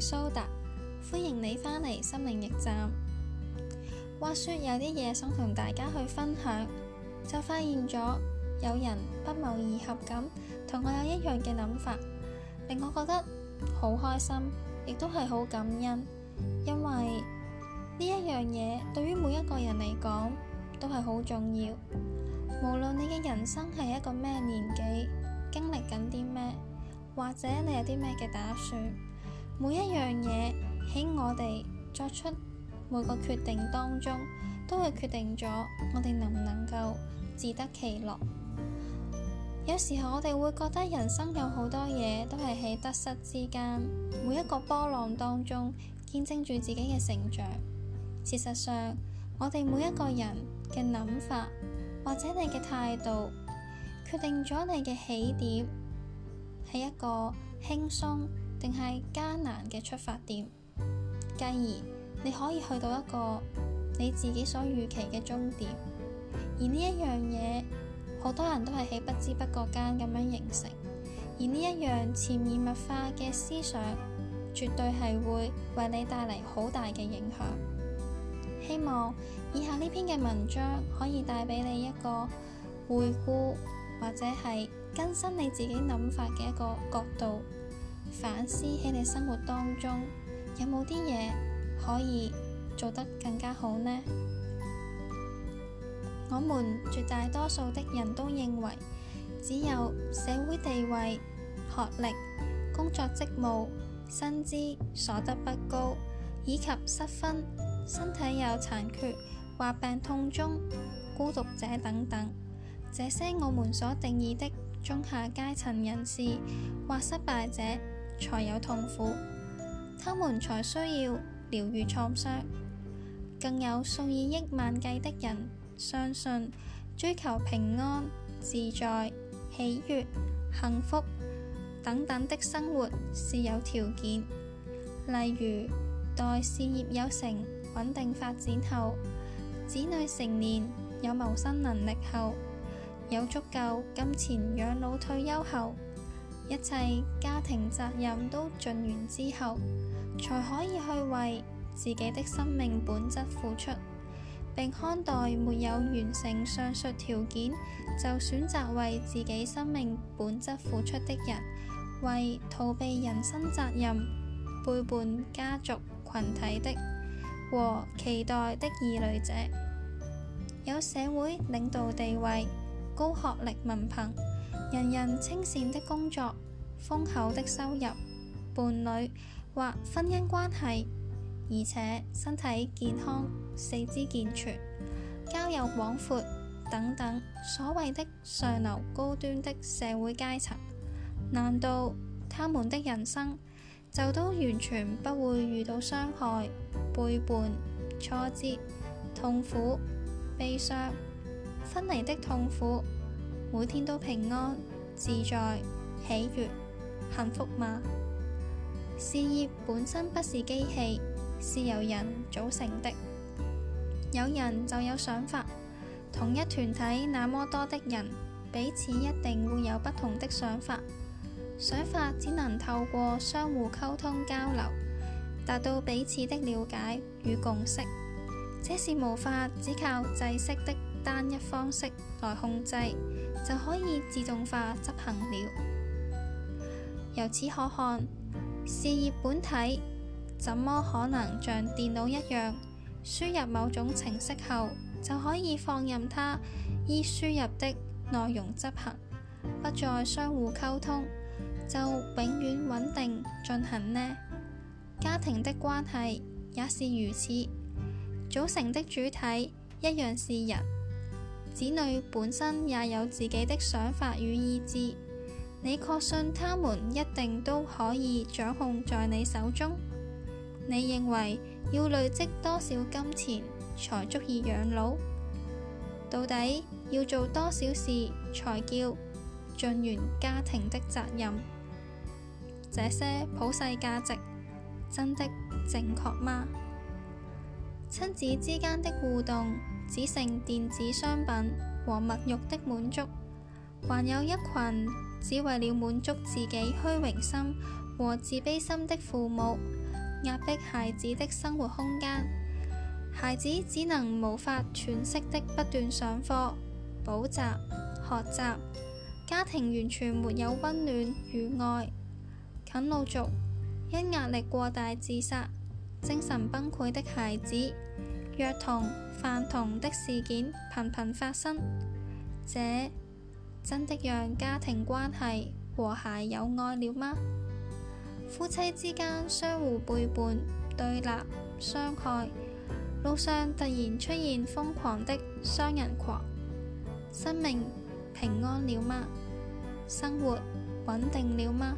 蘇達，歡迎你返嚟心靈驛站。話說有啲嘢想同大家去分享，就發現咗有人不謀而合咁同我有一樣嘅諗法，令我覺得好開心，亦都係好感恩，因為呢一樣嘢對於每一個人嚟講都係好重要。無論你嘅人生係一個咩年紀，經歷緊啲咩，或者你有啲咩嘅打算。每一樣嘢喺我哋作出每個決定當中，都係決定咗我哋能唔能夠自得其樂。有時候我哋會覺得人生有好多嘢都係喺得失之間，每一個波浪當中，見證住自己嘅成長。事實上，我哋每一個人嘅諗法或者你嘅態度，決定咗你嘅起點，係一個輕鬆，定係艱難嘅出發點，繼而你可以去到一個你自己所預期嘅終點。而呢一樣嘢，好多人都係喺不知不覺間咁樣形成。而呢一樣潛移默化嘅思想，絕對係會為你帶嚟好大嘅影響。希望以下呢篇嘅文章可以帶俾你一個回顧，或者係更新你自己諗法嘅一個角度。反思喺你生活當中有冇啲嘢，可以做得更加好呢？我們絕大多數的人都認為，只有社會地位、學歷、工作職務、薪資所得不高，以及失分、身體有殘缺或病痛中、孤獨者等等，這些我們所定義的中下階層人士或失敗者，才有痛苦，他們才需要療癒創傷，更有數以億萬計的人相信，追求平安、自在、喜悦、幸福等等的生活是有條件，例如待事業有成、穩定發展後，子女成年有謀生能力後，有足夠金錢養老退休後。一切家庭責任都盡完之後，才可以去為自己的生命本質付出。並看待沒有完成上述條件就選擇為自己生命本質付出的人，為逃避人生責任、背叛家族群體的和期待的異類者，有社會領導地位、高學歷文憑。人人清善的工作，豐厚的收入，伴侶或婚姻關係，而且身體健康、四肢健全、交友廣闊等等，所謂的上流高端的社會階層，難道他們的人生就都完全不會遇到傷害、背叛、挫折、痛苦、悲傷、分離的痛苦？每天都平安、自在、喜悅、幸福嗎？事業本身不是機器，是由人組成的。有人就有想法，同一團體那麼多的人，彼此一定會有不同的想法。想法只能透過相互溝通交流，達到彼此的了解與共識，這是無法只靠制式的。單一方式來控制就可以自動化執行了。由此可看，事業本體怎麼可能像電腦一樣，輸入某種程式後就可以放任它依輸入的內容執行，不再相互溝通就永遠穩定進行呢？家庭的關係也是如此，組成的主體一樣是人。子女本身也有自己的想法與意志，你確信他們一定都可以掌控在你手中？你認為要累積多少金錢才足以養老？到底要做多少事才叫盡完家庭的責任？這些普世價值真的正確嗎？親子之間的互動只剩電子商品和物欲的滿足，還有一群只為了滿足自己虛榮心和自卑心的父母，壓迫孩子的生活空間，孩子只能無法喘息的不斷上課、補習、學習，家庭完全沒有温暖與愛，啃老族因壓力過大自殺。精神崩潰的孩子、虐童、犯童的事件頻頻發生，這真的讓家庭關係和諧有愛了嗎？夫妻之間相互背叛、對立、傷害，路上突然出現瘋狂的雙人狂，生命平安了嗎？生活穩定了嗎？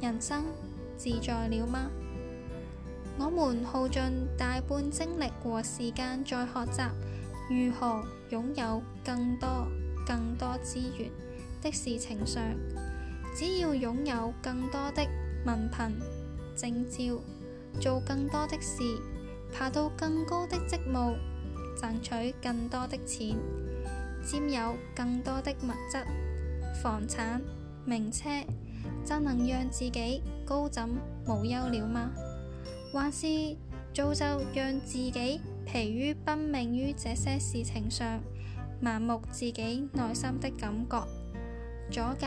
人生自在了嗎？我們耗盡大半精力和時間在學習如何擁有更多、更多資源的事情上。只要擁有更多的文憑、證照，做更多的事，爬到更高的職務，賺取更多的錢，占有更多的物質、房產、名車，就能讓自己高枕無憂了嗎？還是造就讓自己疲於奔命於這些事情上，盲目自己內心的感覺，阻隔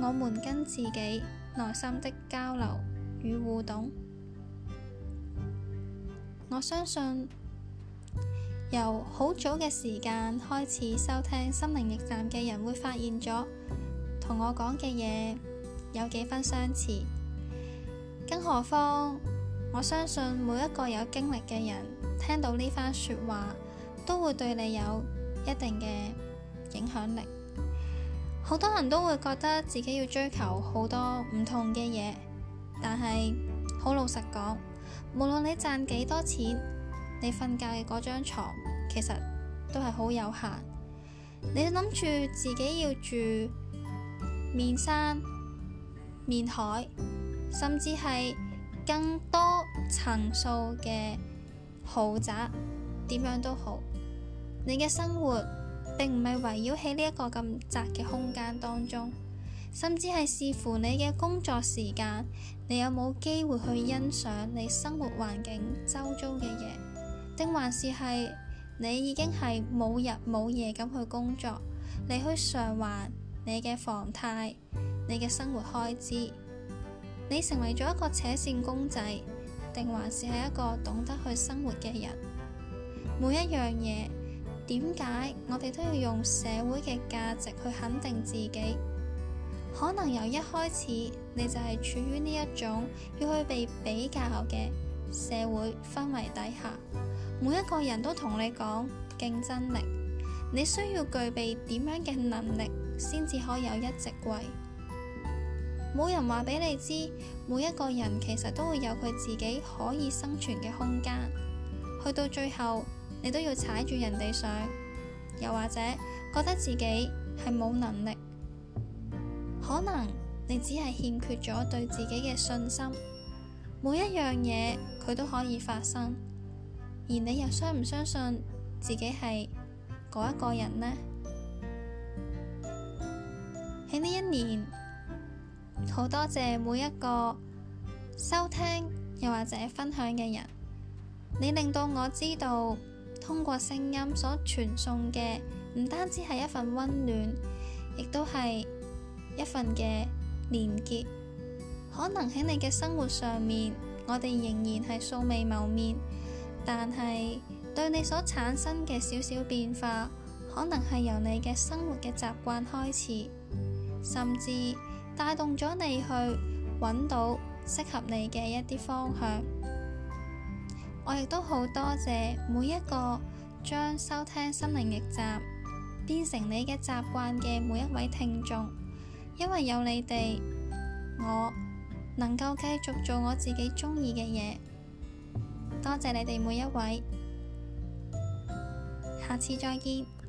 我們跟自己內心的交流與互動。 我相信由好早嘅時間開始收聽《心靈驛站》嘅人會發現咗同我講嘅嘢有幾分相似，更何況。我相信每一個有經歷嘅人聽到呢番說話，都會對你有一定嘅影響力。好多人都會覺得自己要追求好多唔同嘅嘢，但係好老實講，無論你賺幾多錢，你瞓覺嘅嗰張床其實都係好有限。你諗住自己要住面山、面海，甚至係更多層數嘅豪宅點樣都好，你嘅生活並唔係圍繞喺呢一個咁窄嘅空間當中，甚至係視乎你嘅工作時間，你有冇機會去欣賞你生活環境周遭嘅嘢，定還是係你已經係冇日冇夜咁去工作，你去償還你嘅房貸、你嘅生活開支。你成為咗一個扯線公仔，定還是係一個懂得去生活嘅人？每一樣嘢，點解我哋都要用社會嘅價值去肯定自己？可能由一開始你就係處於呢一種要去被比較嘅社會氛圍底下，每一個人都同你講競爭力，你需要具備點樣嘅能力先至可以有一席位。冇人話俾你知，每一個人其實都會有佢自己可以生存嘅空間。去到最後，你都要踩住人哋上，又或者覺得自己係冇能力，可能你只係欠缺咗對自己嘅信心。每一樣嘢佢都可以發生，而你又相唔相信自己係嗰一個人呢？喺呢一年。好多謝每一個收聽又或者分享嘅人，你令到我知道，通過聲音所傳送嘅唔單止係一份溫暖，亦都係一份嘅連結。可能喺你嘅生活上面，我哋仍然係素未謀面，但係對你所產生嘅小小變化，可能係由你嘅生活嘅習慣開始，甚至。帶動咗你去揾到適合你嘅一啲方向，我亦都好多謝每一個將收聽心靈驛站變成你嘅習慣嘅每一位聽眾，因為有你哋，我能夠繼續做我自己中意嘅嘢，多謝你哋每一位，下次再見。